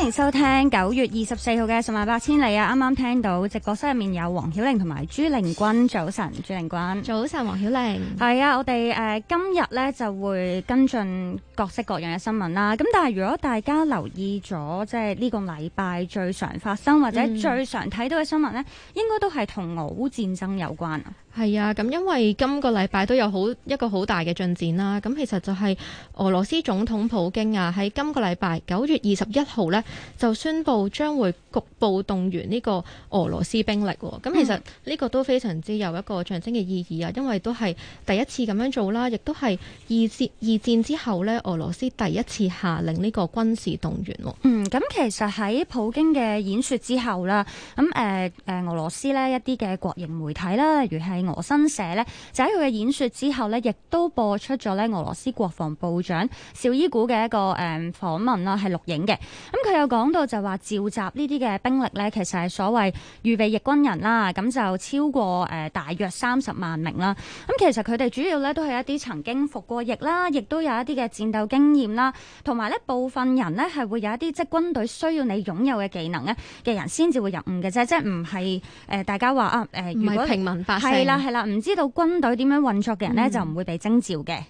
歡迎收聽九月二十四號嘅十萬八千里啊！啱啱聽到直播室入面有黃曉玲同埋朱玲君，早晨，朱玲君，早晨，黃曉玲，係啊！我哋誒、呃、今日咧，就會跟進各式各樣嘅新聞啦。咁但係如果大家留意咗，即係呢個禮拜最常發生或者最常睇到嘅新聞咧，嗯、應該都係同俄烏戰爭有關啊。係啊，咁因為今個禮拜都有好一個好大嘅進展啦。咁其實就係俄羅斯總統普京啊，喺今個禮拜九月二十一號呢，就宣布將會局部動員呢個俄羅斯兵力。咁、嗯、其實呢個都非常之有一個象徵嘅意義啊，因為都係第一次咁樣做啦，亦都係二戰二戰之後呢，俄羅斯第一次下令呢個軍事動員。嗯，咁其實喺普京嘅演說之後啦，咁誒誒，俄羅斯呢，一啲嘅國營媒體啦，例如係，俄新社呢，就喺佢嘅演說之後呢，亦都播出咗呢俄羅斯國防部長紹伊古嘅一個誒訪、嗯、問啦，係錄影嘅。咁、嗯、佢有講到就話召集呢啲嘅兵力呢，其實係所謂預備役軍人啦。咁、嗯、就超過誒、呃、大約三十萬名啦。咁、嗯、其實佢哋主要呢，都係一啲曾經服過役啦，亦都有一啲嘅戰鬥經驗啦，同埋呢部分人呢，係會有一啲即係軍隊需要你擁有嘅技能呢嘅人先至會入伍嘅啫，即係唔係誒大家話啊誒，唔、呃、係平民百姓。啦，係啦，唔知道軍隊點樣運作嘅人咧，嗯、就唔會被徵召嘅。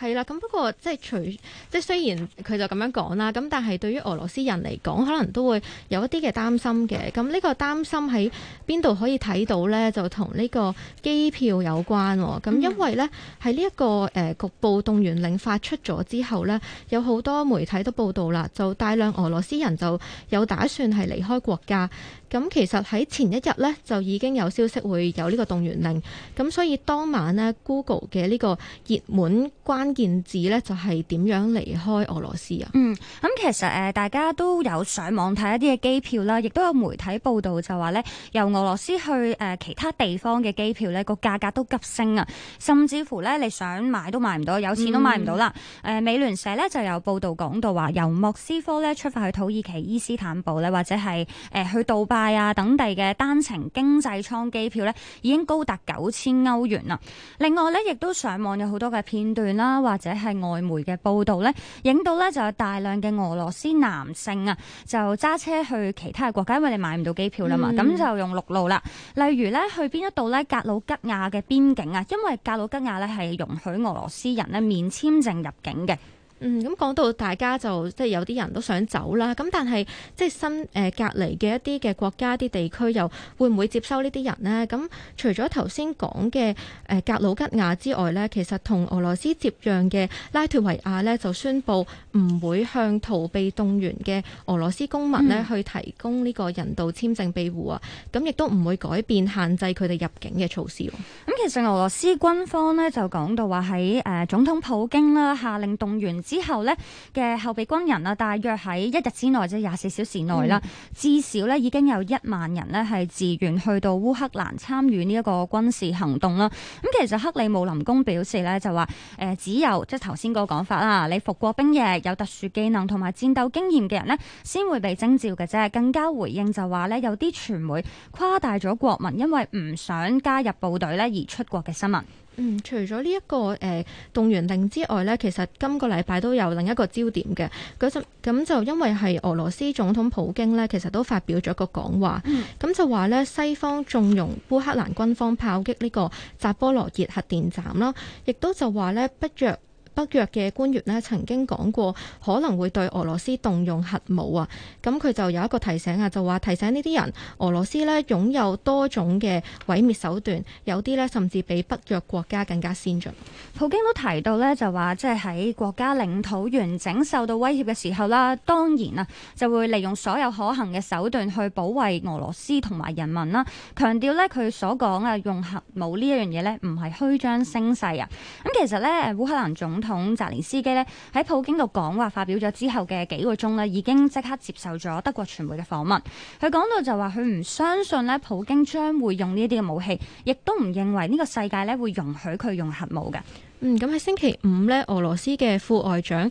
係啦，咁不過即係除，即係雖然佢就咁樣講啦，咁但係對於俄羅斯人嚟講，可能都會有一啲嘅擔心嘅。咁呢個擔心喺邊度可以睇到呢？就同呢個機票有關，哦。咁因為呢，喺呢一個誒局部動員令發出咗之後呢，有好多媒體都報道啦，就大量俄羅斯人就有打算係離開國家。咁其實喺前一日呢，就已經有消息會有呢個動員令，咁所以當晚呢，Google 嘅呢個熱門關鍵字呢，就係點樣離開俄羅斯啊、嗯？嗯，咁其實誒、呃，大家都有上網睇一啲嘅機票啦，亦都有媒體報道就話呢，由俄羅斯去誒、呃、其他地方嘅機票呢個價格都急升啊，甚至乎呢，你想買都買唔到，有錢都買唔到啦。誒、嗯呃，美聯社呢就有報導講道講到話，由莫斯科呢出發去土耳其伊斯坦堡呢，或者係誒、呃、去杜拜。係啊，等地嘅單程經濟艙機票呢，已經高達九千歐元啦。另外呢，亦都上網有好多嘅片段啦，或者係外媒嘅報道呢，影到呢就有大量嘅俄羅斯男性啊，就揸車去其他嘅國家，因為你買唔到機票啦嘛，咁、嗯、就用陸路啦。例如呢，去邊一度呢？格魯吉亞嘅邊境啊，因為格魯吉亞呢係容許俄羅斯人呢免簽證入境嘅。嗯，咁講到大家就即係有啲人都想走啦，咁但係即係新誒、呃、隔離嘅一啲嘅國家、啲地區又會唔會接收呢啲人咧？咁、嗯嗯、除咗頭先講嘅誒格魯吉亞之外咧，其實同俄羅斯接壤嘅拉脱維亞咧就宣布唔會向逃避動員嘅俄羅斯公民咧去提供呢個人道簽證庇護啊，咁亦都唔會改變限制佢哋入境嘅措施。咁、嗯、其實俄羅斯軍方咧就講到話，喺誒總統普京啦下令動員。之後咧嘅後備軍人啊，大約喺一日之內即係廿四小時內啦，嗯、至少咧已經有一萬人咧係自願去到烏克蘭參與呢一個軍事行動啦。咁其實克里姆林宮表示咧就話誒只有即係頭先嗰講法啦，你服過兵役、有特殊技能同埋戰鬥經驗嘅人咧，先會被徵召嘅啫。更加回應就話咧有啲傳媒誇大咗國民因為唔想加入部隊咧而出國嘅新聞。嗯，除咗呢一個誒、呃、動員令之外咧，其實今個禮拜都有另一個焦點嘅，嗰陣咁就因為係俄羅斯總統普京咧，其實都發表咗個講話，咁、嗯、就話咧西方縱容烏克蘭軍方炮擊呢個扎波羅熱核電站啦，亦都就話咧不約。北約嘅官員呢曾經講過可能會對俄羅斯動用核武啊，咁佢就有一個提醒啊，就話提醒呢啲人俄羅斯呢擁有多種嘅毀滅手段，有啲呢甚至比北約國家更加先進。普京都提到呢，就話，即係喺國家領土完整受到威脅嘅時候啦，當然啊就會利用所有可行嘅手段去保衛俄羅斯同埋人民啦。強調呢，佢所講啊用核武呢一樣嘢呢，唔係虛張聲勢啊。咁其實呢，烏克蘭總總統澤連斯基咧喺普京度講話發表咗之後嘅幾個鐘咧，已經即刻接受咗德國傳媒嘅訪問。佢講到就話佢唔相信咧，普京將會用呢啲嘅武器，亦都唔認為呢個世界咧會容許佢用核武嘅。嗯，咁喺星期五咧，俄羅斯嘅副外長。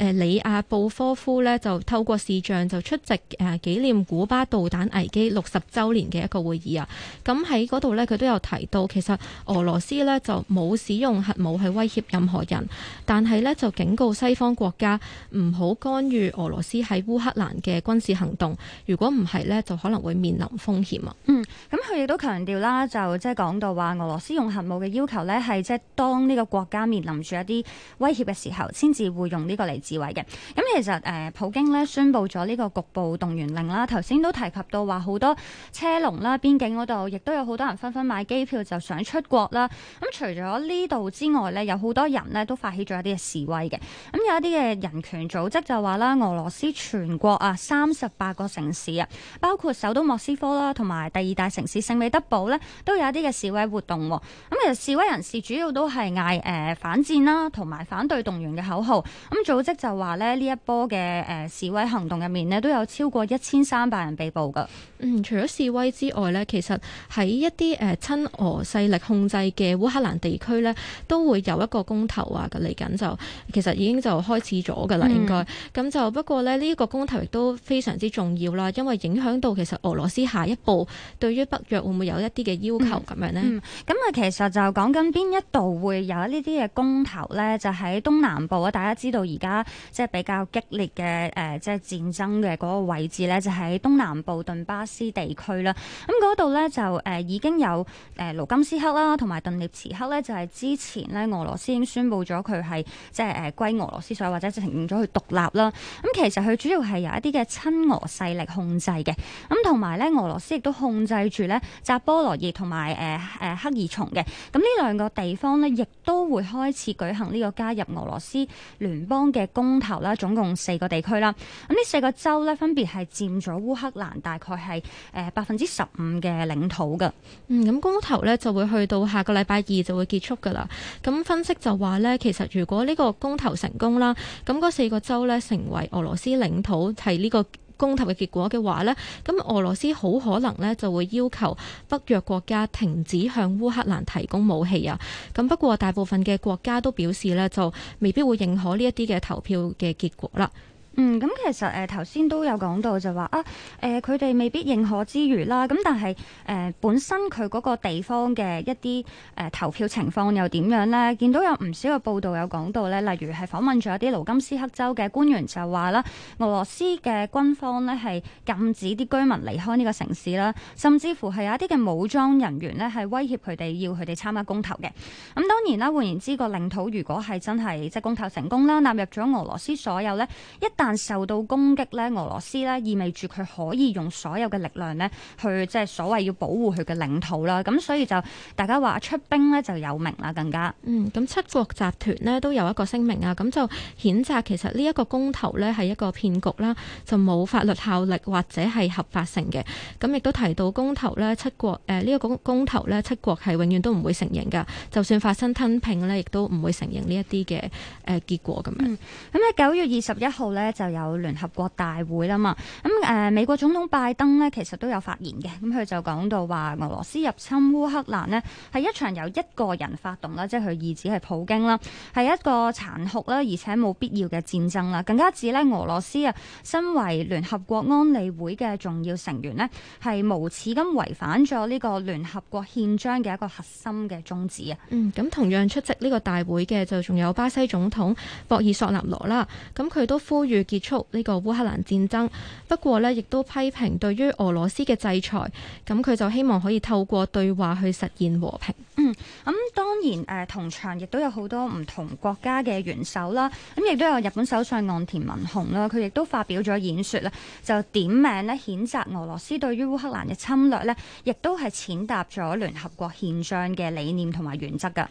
誒，里亞布科夫咧就透過視像就出席誒紀念古巴導彈危機六十週年嘅一個會議啊。咁喺嗰度呢佢都有提到，其實俄羅斯呢就冇使用核武去威脅任何人，但係呢就警告西方國家唔好干預俄羅斯喺烏克蘭嘅軍事行動。如果唔係呢，就可能會面臨風險啊。嗯，咁佢亦都強調啦，就即係講到話俄羅斯用核武嘅要求呢，係即係當呢個國家面臨住一啲威脅嘅時候，先至會用呢個嚟。示威嘅，咁其實誒普京呢，宣布咗呢個局部動員令啦，頭先都提及到話好多車龍啦，邊境嗰度亦都有好多人紛紛買機票就想出國啦。咁除咗呢度之外呢，有好多人呢都發起咗一啲嘅示威嘅，咁有一啲嘅人權組織就話啦，俄羅斯全國啊三十八個城市啊，包括首都莫斯科啦，同埋第二大城市聖彼得堡呢，都有一啲嘅示威活動。咁其實示威人士主要都係嗌誒反戰啦，同埋反對動員嘅口號，咁組織。就話咧，呢一波嘅誒示威行動入面咧，都有超過一千三百人被捕噶。嗯，除咗示威之外呢，其實喺一啲誒、呃、親俄勢力控制嘅烏克蘭地區呢，都會有一個公投啊，嚟緊就其實已經就開始咗噶啦，應該。咁、嗯、就不過咧，呢、呢個公投亦都非常之重要啦，因為影響到其實俄羅斯下一步對於北約會唔會有一啲嘅要求咁樣呢。咁啊、嗯嗯嗯嗯，其實就講緊邊一度會有呢啲嘅公投呢？就喺東南部啊。大家知道而家。即係比較激烈嘅誒、呃，即係戰爭嘅嗰個位置呢，就喺、是、東南部頓巴斯地區啦。咁嗰度呢，就誒、呃、已經有誒盧金斯克啦，同埋頓涅茨克呢。就係、是、之前呢，俄羅斯已經宣布咗佢係即係誒、呃、歸俄羅斯，所以或者就承認咗佢獨立啦。咁、嗯、其實佢主要係由一啲嘅親俄勢力控制嘅。咁同埋呢，俄羅斯亦都控制住呢，扎波羅熱同埋誒誒赫爾松嘅。咁呢兩個地方呢，亦都會開始舉行呢個加入俄羅斯聯邦嘅。公投啦，總共四個地區啦，咁呢四個州咧分別係佔咗烏克蘭大概係誒百分之十五嘅領土噶，嗯，咁公投咧就會去到下個禮拜二就會結束噶啦，咁分析就話咧，其實如果呢個公投成功啦，咁嗰四個州咧成為俄羅斯領土係呢個。公投嘅結果嘅話呢，噉俄羅斯好可能呢就會要求北約國家停止向烏克蘭提供武器啊。噉不過大部分嘅國家都表示呢，就未必會認可呢一啲嘅投票嘅結果啦。嗯，咁其實誒頭先都有講到就話啊，誒佢哋未必認可之餘啦，咁但係誒、呃、本身佢嗰個地方嘅一啲誒、呃、投票情況又點樣咧？見到有唔少嘅報道有講到咧，例如係訪問咗一啲盧甘斯克州嘅官員就話啦，俄羅斯嘅軍方咧係禁止啲居民離開呢個城市啦，甚至乎係有一啲嘅武裝人員咧係威脅佢哋，要佢哋參加公投嘅。咁、嗯、當然啦，換言之，個領土如果係真係即係公投成功啦，納入咗俄羅斯所有咧，一旦但受到攻擊咧，俄羅斯咧意味住佢可以用所有嘅力量咧，去即係所謂要保護佢嘅領土啦。咁所以就大家話出兵咧就有名啦，更加。嗯，咁七國集團呢都有一個聲明啊，咁就譴責其實呢一個公投咧係一個騙局啦，就冇法律效力或者係合法性嘅。咁亦都提到公投咧，七國誒呢、呃這個公公投咧，七國係永遠都唔會承認㗎。就算發生吞併咧，亦都唔會承認呢一啲嘅誒結果咁樣。咁喺九月二十一號咧，就有聯合國大會啦嘛，咁、嗯、誒、呃、美國總統拜登呢其實都有發言嘅，咁、嗯、佢就講到話俄羅斯入侵烏克蘭呢，係一場由一個人發動啦，即係佢意指係普京啦，係一個殘酷啦，而且冇必要嘅戰爭啦，更加指呢俄羅斯啊身為聯合國安理會嘅重要成員呢，係無恥咁違反咗呢個聯合國憲章嘅一個核心嘅宗旨啊。嗯，咁同樣出席呢個大會嘅就仲有巴西總統博爾索納羅啦，咁佢都呼籲去結束呢個烏克蘭戰爭，不過呢亦都批評對於俄羅斯嘅制裁，咁佢就希望可以透過對話去實現和平。嗯，咁、嗯、當然誒、呃，同場亦都有好多唔同國家嘅元首啦，咁、嗯、亦都有日本首相岸田文雄啦，佢亦都發表咗演說咧，就點名呢，譴責俄羅斯對於烏克蘭嘅侵略呢，亦都係踐踏咗聯合國憲章嘅理念同埋原則噶。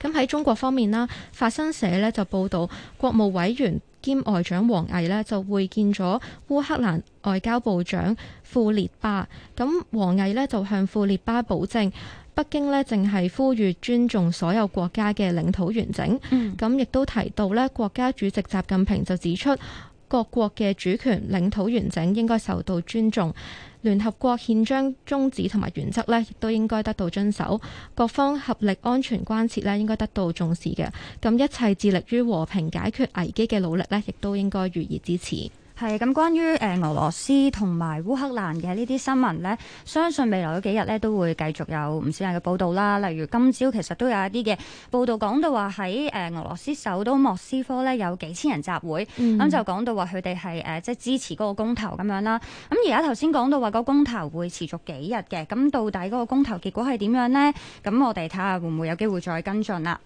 咁喺、嗯、中國方面啦，法新社呢就報道國務委員，兼外長王毅咧就會見咗烏克蘭外交部長庫列巴，咁王毅咧就向庫列巴保證，北京咧淨係呼籲尊重所有國家嘅領土完整，咁亦、嗯、都提到咧國家主席習近平就指出，各國嘅主權、領土完整應該受到尊重。聯合國憲章宗旨同埋原則咧，亦都應該得到遵守。各方合力安全關切咧，應該得到重視嘅。咁一切致力於和平解決危機嘅努力咧，亦都應該予以支持。係咁，關於誒俄羅斯同埋烏克蘭嘅呢啲新聞呢，相信未來嗰幾日咧都會繼續有唔少人嘅報道啦。例如今朝其實都有一啲嘅報道講到話喺誒俄羅斯首都莫斯科呢，有幾千人集會，咁就講到話佢哋係誒即係支持嗰個公投咁樣啦。咁而家頭先講到話個公投會持續幾日嘅，咁到底嗰個公投結果係點樣呢？咁我哋睇下會唔會有機會再跟進啦。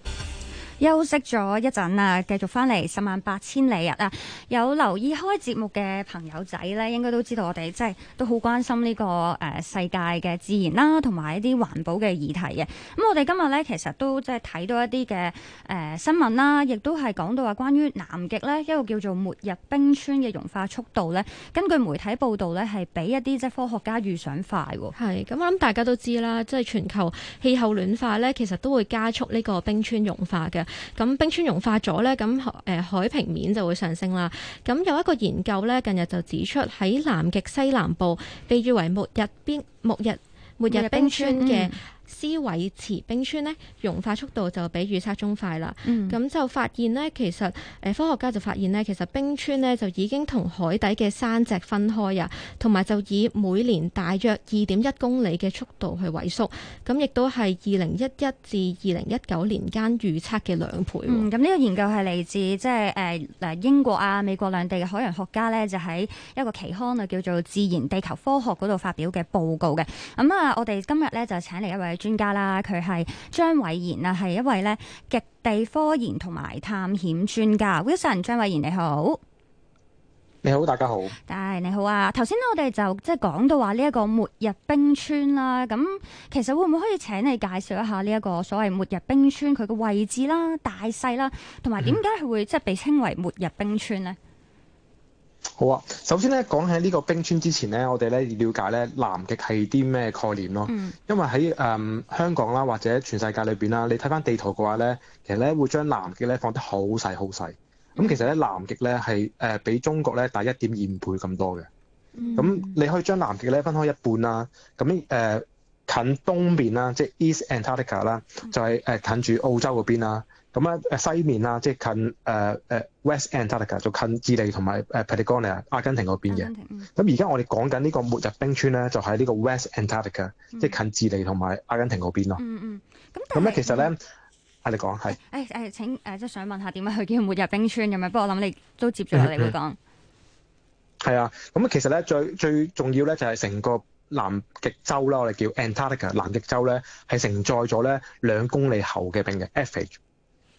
休息咗一陣啊，繼續翻嚟十萬八千里日啦！有留意開節目嘅朋友仔呢，應該都知道我哋即係都好關心呢個誒世界嘅自然啦，同埋一啲環保嘅議題嘅。咁我哋今日呢，其實都即係睇到一啲嘅誒新聞啦，亦都係講到話關於南極呢一個叫做末日冰川嘅融化速度呢。根據媒體報道呢，係比一啲即係科學家預想快。係咁，我諗大家都知啦，即係全球氣候暖化呢，其實都會加速呢個冰川融化嘅。咁冰川融化咗咧，咁誒海平面就會上升啦。咁有一個研究咧，近日就指出喺南極西南部，被譽為末日冰、末日、末日冰川嘅。嗯思韋茨冰川咧融化速度就比預測中快啦，咁、嗯、就發現呢，其實誒科學家就發現呢，其實冰川呢就已經同海底嘅山脊分開啊，同埋就以每年大約二點一公里嘅速度去萎縮，咁亦都係二零一一至二零一九年間預測嘅兩倍喎。咁呢、嗯、個研究係嚟自即係誒英國啊美國兩地嘅海洋學家咧，就喺一個期刊啊叫做《自然地球科學》嗰度發表嘅報告嘅。咁啊，我哋今日咧就請嚟一位專家啦，佢係張偉賢啦，係一位咧極地科研同埋探險專家。Wilson，張偉賢你好，你好，大家好，誒，你好啊！頭先咧，我哋就即係講到話呢一個末日冰川啦。咁其實會唔會可以請你介紹一下呢一個所謂末日冰川佢嘅位置啦、大細啦，同埋點解佢會即係被稱為末日冰川咧？嗯好啊，首先咧講起呢個冰川之前咧，我哋咧要了解咧南極係啲咩概念咯。嗯、因為喺誒、呃、香港啦，或者全世界裏邊啦，你睇翻地圖嘅話咧，其實咧會將南極咧放得好細好細。咁、嗯、其實咧南極咧係誒比中國咧大一點二倍咁多嘅。咁、嗯、你可以將南極咧分開一半啦。咁誒、呃、近東邊啦，即係 East Antarctica 啦，嗯、就係、是、誒、呃、近住澳洲嗰邊啦。咁咧誒西面啦，即係近誒誒 West Antarctica，就近智利同埋誒 Patagonia、阿根廷嗰邊嘅。咁而家我哋講緊呢個末日冰川咧，就喺呢個 West Antarctica，即係近智利同埋阿根廷嗰邊咯。嗯嗯。咁咧其實咧，啊你講係。誒誒，請誒即係想問下點樣去叫末日冰川咁樣？不過我諗你都接住嚟講。係啊，咁其實咧最最重要咧就係成個南極洲啦，我哋叫 Antarctica 南極洲咧係承載咗咧兩公里厚嘅冰嘅 age。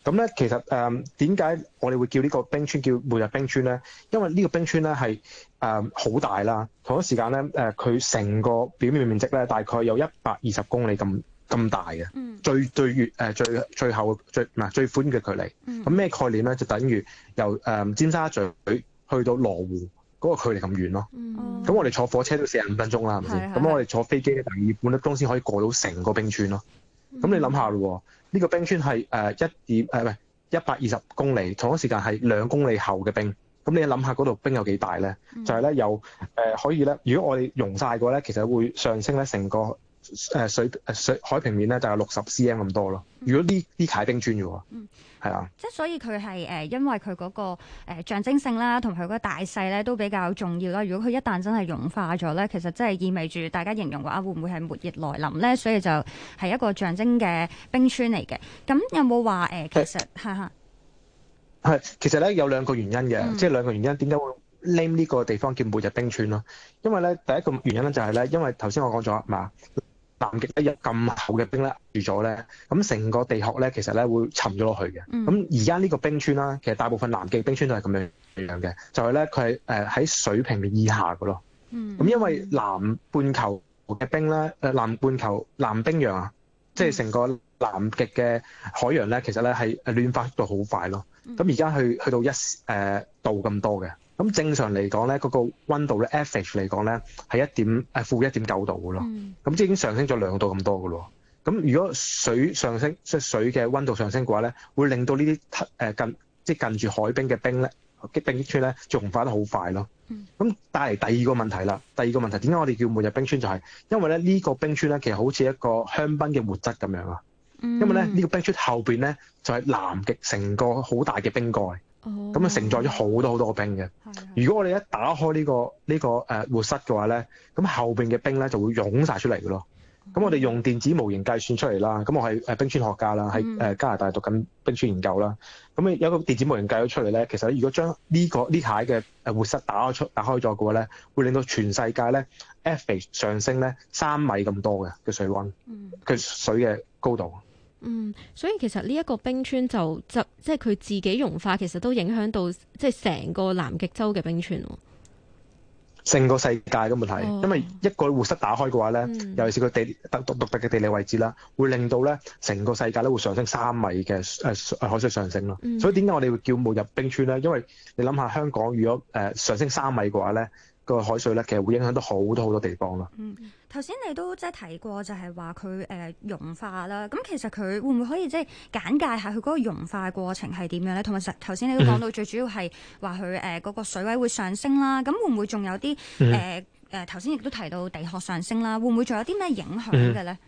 咁咧、嗯，其實誒點解我哋會叫呢個冰川叫末日冰川咧？因為呢個冰川咧係誒好大啦，同一時間咧誒佢成個表面面積咧大概有一百二十公里咁咁大嘅、嗯。最、呃、最遠誒最最後最唔係最寬嘅距離。咁咩、嗯、概念咧？就等於由誒、呃、尖沙咀去到羅湖嗰、那個距離咁遠咯。咁、嗯、我哋坐火車都四十五分鐘啦，係咪先？咁的的我哋坐飛機咧，第二半粒鐘先可以過到成個冰川咯。咁、嗯、你諗下咯喎，呢、這個冰川係誒一點誒，唔係一百二十公里，同一時間係兩公里厚嘅冰。咁你諗下嗰度冰有幾大咧？就係、是、咧有誒、呃、可以咧，如果我哋溶晒嘅話咧，其實會上升咧成個。誒水誒水海平面咧就係六十 cm 咁多咯。嗯、如果呢啲塊冰川嘅喎，嗯、啊，即係所以佢係誒，因為佢嗰個誒象徵性啦，同佢嗰個大細咧都比較重要啦。如果佢一旦真係融化咗咧，其實真係意味住大家形容話會唔會係末日來臨咧？所以就係一個象徵嘅冰川嚟嘅。咁有冇話誒？其實哈哈，係其實咧，有兩個原因嘅，即係、嗯、兩個原因點解會 name 呢個地方叫末日冰川咯？因為咧第一個原因咧就係、是、咧，因為頭先我講咗嘛。啊啊南極咧有咁厚嘅冰咧住咗咧，咁成個地殼咧其實咧會沉咗落去嘅。咁而家呢個冰川啦，其實大部分南極冰川都係咁樣樣嘅，就係咧佢係誒喺水平面以下嘅咯。咁、嗯、因為南半球嘅冰咧，誒南半球南冰洋啊，即係成個南極嘅海洋咧，其實咧係暖化速度好快咯。咁而家去去到一誒、呃、度咁多嘅。咁正常嚟講咧，嗰個溫度咧，average 嚟講咧係一點，誒負一點九度嘅咯。咁即係已經上升咗兩度咁多嘅咯。咁如果水上升，即係水嘅溫度上升嘅話咧，會令到呢啲誒近，即係近住海冰嘅冰咧，冰川咧，仲化得好快咯。咁、嗯、帶嚟第二個問題啦。第二個問題，點解我哋叫末日冰川就係，因為咧呢個冰川咧其實好似一個香檳嘅活塞咁樣啊。因為咧呢個冰川後邊咧就係南極成個好大嘅冰蓋。咁啊，承載咗好多好多個冰嘅。的如果我哋一打開呢個呢個誒活塞嘅話咧，咁後邊嘅冰咧就會湧晒出嚟嘅咯。咁我哋用電子模型計算出嚟啦。咁我係誒冰川學家啦，喺誒加拿大讀緊冰川研究啦。咁啊有個電子模型計咗出嚟咧，其實如果將呢個呢下嘅誒活塞打開出打開咗嘅話咧，會令到全世界咧 F 值上升咧三米咁多嘅嘅水温，佢水嘅高度。嗯，所以其實呢一個冰川就就即係佢自己融化，其實都影響到即係成個南極洲嘅冰川，成個世界嘅問題，哦、因為一個活塞打開嘅話咧，嗯、尤其是個地獨獨特嘅地理位置啦，會令到咧成個世界咧會上升三米嘅誒海水上升咯。嗯、所以點解我哋會叫末日冰川咧？因為你諗下香港，如果誒上升三米嘅話咧。個海水咧，其實會影響到好多好多地方咯。嗯，頭先你都即係提過就，就係話佢誒融化啦。咁其實佢會唔會可以即係簡介下佢嗰個融化嘅過程係點樣咧？同埋實頭先你都講到最主要係話佢誒嗰個水位會上升啦。咁會唔會仲有啲誒誒頭先亦都提到地殼上升啦？會唔會仲有啲咩影響嘅咧、嗯？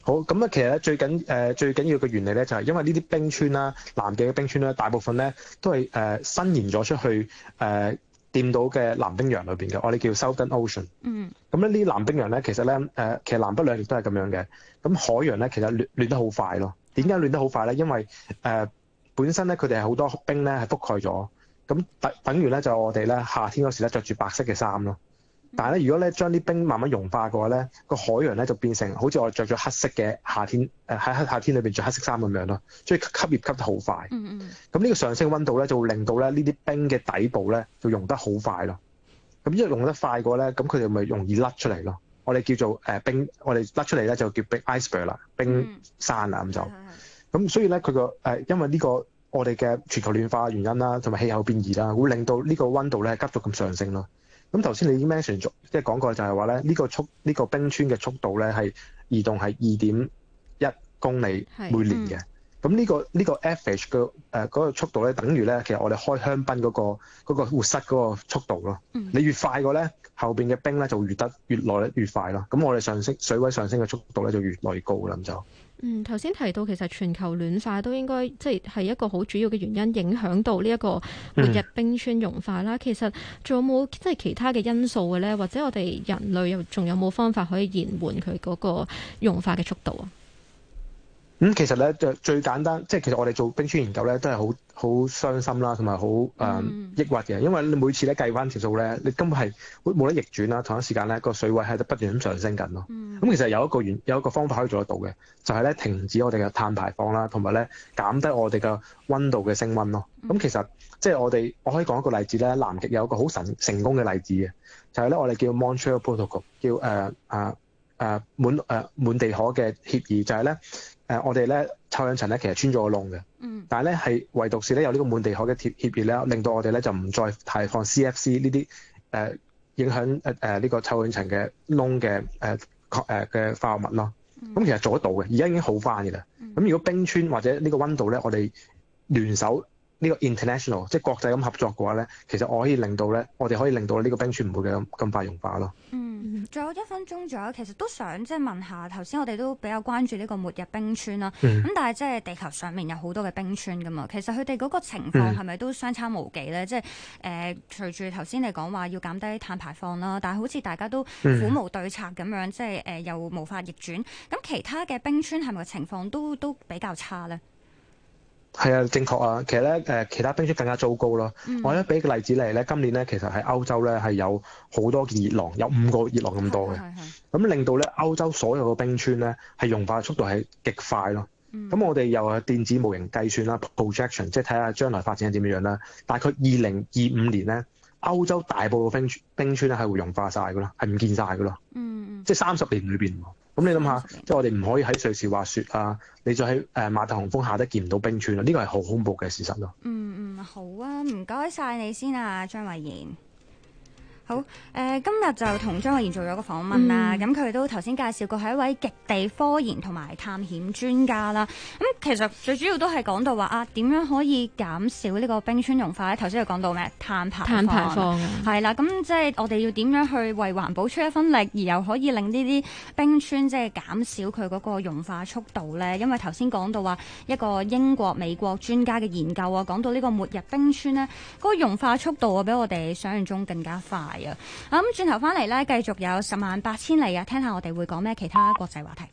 好，咁啊，其實咧最緊誒、呃、最緊要嘅原理咧，就係因為呢啲冰川啦、南極嘅冰川咧，大部分咧都係誒、呃、伸延咗出去誒。呃掂到嘅南冰洋裏邊嘅，我哋叫 Southern Ocean。嗯。咁咧呢啲南冰洋咧，其實咧，誒、呃，其實南北兩極都係咁樣嘅。咁海洋咧，其實暖暖得好快咯。點解暖得好快咧？因為誒、呃、本身咧，佢哋係好多冰咧，係覆蓋咗。咁等等於咧，就我哋咧夏天嗰時咧，着住白色嘅衫咯。但係咧，如果咧將啲冰慢慢融化嘅話咧，個海洋咧就變成好似我着咗黑色嘅夏天，誒喺黑夏天裏邊着黑色衫咁樣咯，所以吸熱吸得好快。嗯咁呢個上升溫度咧，就會令到咧呢啲冰嘅底部咧，就溶得好快咯。咁一溶得快嘅話咧，咁佢哋咪容易甩出嚟咯。我哋叫做誒、呃、冰，我哋甩出嚟咧就叫冰 iceberg 啦，冰山啦咁就。咁所以咧，佢個誒，因為呢、呢個我哋嘅全球暖化原因啦，同埋氣候變異啦，會令到個溫呢個溫度咧急速咁上升咯。咁頭先你已經 mention 咗，即係講過就係話咧，呢個速呢、這個冰川嘅速度咧係移動係二點一公里每年嘅。咁呢、嗯這個呢、這個 f h 嘅誒嗰個速度咧，等於咧其實我哋開香檳嗰、那個那個活塞嗰個速度咯。你越快過咧，嗯、後邊嘅冰咧就越得越耐越，越快咯。咁我哋上升水位上升嘅速度咧就越來越高啦咁就。嗯，頭先提到其實全球暖化都應該即係係一個好主要嘅原因，影響到呢一個末日冰川融化啦。嗯、其實仲有冇即係其他嘅因素嘅咧？或者我哋人類又仲有冇方法可以延緩佢嗰個融化嘅速度啊？咁其實咧就最簡單，即係其實我哋做冰川研究咧都係好好傷心啦，同埋好誒抑鬱嘅，因為你每次咧計翻條數咧，你根本係會冇得逆轉啦。同一時間咧個水位係不斷咁上升緊咯。咁、mm hmm. 其實有一個完有一個方法可以做得到嘅，就係、是、咧停止我哋嘅碳排放啦，同埋咧減低我哋嘅溫度嘅升溫咯。咁其實即係、就是、我哋我可以講一個例子咧，南極有一個好成成功嘅例子嘅，就係、是、咧我哋叫 Montreal Protocol，叫誒啊誒滿誒、呃、滿地可嘅協議，就係、是、咧。誒、呃，我哋咧臭氧層咧其實穿咗個窿嘅，嗯、但係咧係唯獨是咧有呢個《滿地可》嘅協協議咧，令到我哋咧就唔再排放 CFC 呢啲誒、呃、影響誒誒呢個臭氧層嘅窿嘅誒確嘅化學物咯。咁、嗯、其實做得到嘅，而家已經好翻嘅啦。咁、嗯、如果冰川或者個溫呢個温度咧，我哋聯手呢、呢個 international 即係國際咁合作嘅話咧，其實我可以令到咧，我哋可以令到呢個冰川唔會咁咁快融化咯。嗯仲、嗯、有一分鐘左右，其實都想即係問下頭先，我哋都比較關注呢個末日冰川啦。咁、嗯、但係即係地球上面有好多嘅冰川㗎嘛，其實佢哋嗰個情況係咪都相差無幾咧？嗯、即係誒、呃，隨住頭先你講話要減低碳排放啦，但係好似大家都苦無對策咁樣，嗯、即係誒、呃、又無法逆轉。咁其他嘅冰川係咪個情況都都比較差咧？係啊，正確啊，其實咧誒、呃，其他冰川更加糟糕咯。嗯、我咧俾個例子嚟咧，今年咧其實喺歐洲咧係有好多件熱浪，有五個熱浪咁多嘅，咁令到咧歐洲所有嘅冰川咧係融化速度係極快咯。咁、嗯、我哋又係電子模型計算啦，projection，即係睇下將來發展係點樣樣啦。大概二零二五年咧，歐洲大部分冰川冰川咧係會融化晒㗎咯，係唔見晒㗎咯。嗯，即係三十年裏邊。咁你諗下，即係我哋唔可以喺瑞士滑雪啊！你再喺誒馬特洪峰下得見唔到冰川啦，呢個係好恐怖嘅事實咯，啊。嗯嗯，好啊，唔該晒你先啊，張偉賢。好，誒、呃、今日就同張偉賢做咗個訪問啦。咁佢、嗯嗯、都頭先介紹過係一位極地科研同埋探險專家啦。咁、嗯、其實最主要都係講到話啊，點樣可以減少呢個冰川融化咧？頭先又講到咩碳排放，碳排放係啦。咁、嗯、即係我哋要點樣去為環保出一分力，而又可以令呢啲冰川即係減少佢嗰個融化速度咧？因為頭先講到話一個英國、美國專家嘅研究啊，講到呢個末日冰川咧，嗰、那個融化速度啊，比我哋想像中更加快。係啊，咁轉頭翻嚟咧，繼續有十萬八千里啊，聽下我哋會講咩其他國際話題。